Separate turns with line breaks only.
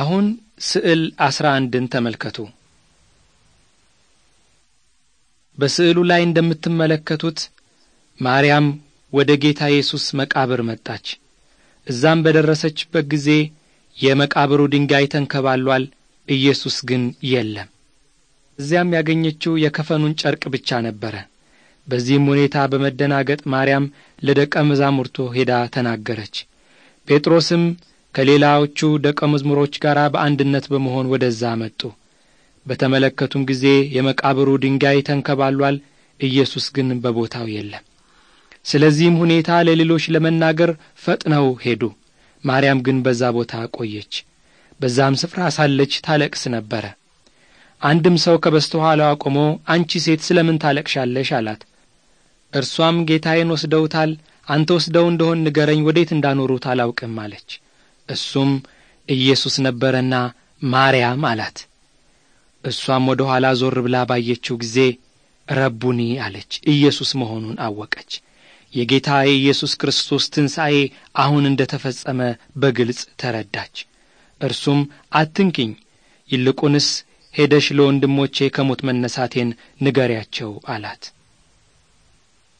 አሁን ስዕል አስራ አንድን ተመልከቱ። በስዕሉ ላይ እንደምትመለከቱት ማርያም ወደ ጌታ ኢየሱስ መቃብር መጣች። እዛም በደረሰችበት ጊዜ የመቃብሩ ድንጋይ ተንከባሏል፣ ኢየሱስ ግን የለም። እዚያም ያገኘችው የከፈኑን ጨርቅ ብቻ ነበረ። በዚህም ሁኔታ በመደናገጥ ማርያም ለደቀ መዛሙርቱ ሄዳ ተናገረች። ጴጥሮስም ከሌላዎቹ ደቀ መዝሙሮች ጋር በአንድነት በመሆን ወደዛ መጡ። በተመለከቱም ጊዜ የመቃብሩ ድንጋይ ተንከባሏል፣ ኢየሱስ ግን በቦታው የለም። ስለዚህም ሁኔታ ለሌሎች ለመናገር ፈጥነው ሄዱ። ማርያም ግን በዛ ቦታ ቆየች። በዛም ስፍራ ሳለች ታለቅስ ነበረ። አንድም ሰው ከበስተኋላዋ ቆሞ አንቺ ሴት ስለምን ታለቅሻለሽ? አላት። እርሷም ጌታዬን ወስደውታል፣ አንተ ወስደው እንደሆን ንገረኝ፣ ወዴት እንዳኖሩት አላውቅም አለች። እሱም ኢየሱስ ነበረና ማርያም አላት። እሷም ወደ ኋላ ዞር ብላ ባየችው ጊዜ ረቡኒ አለች፣ ኢየሱስ መሆኑን አወቀች። የጌታ የኢየሱስ ክርስቶስ ትንሣኤ አሁን እንደ ተፈጸመ በግልጽ ተረዳች። እርሱም አትንኪኝ፣ ይልቁንስ ሄደሽ ለወንድሞቼ ከሞት መነሣቴን ንገሪያቸው አላት።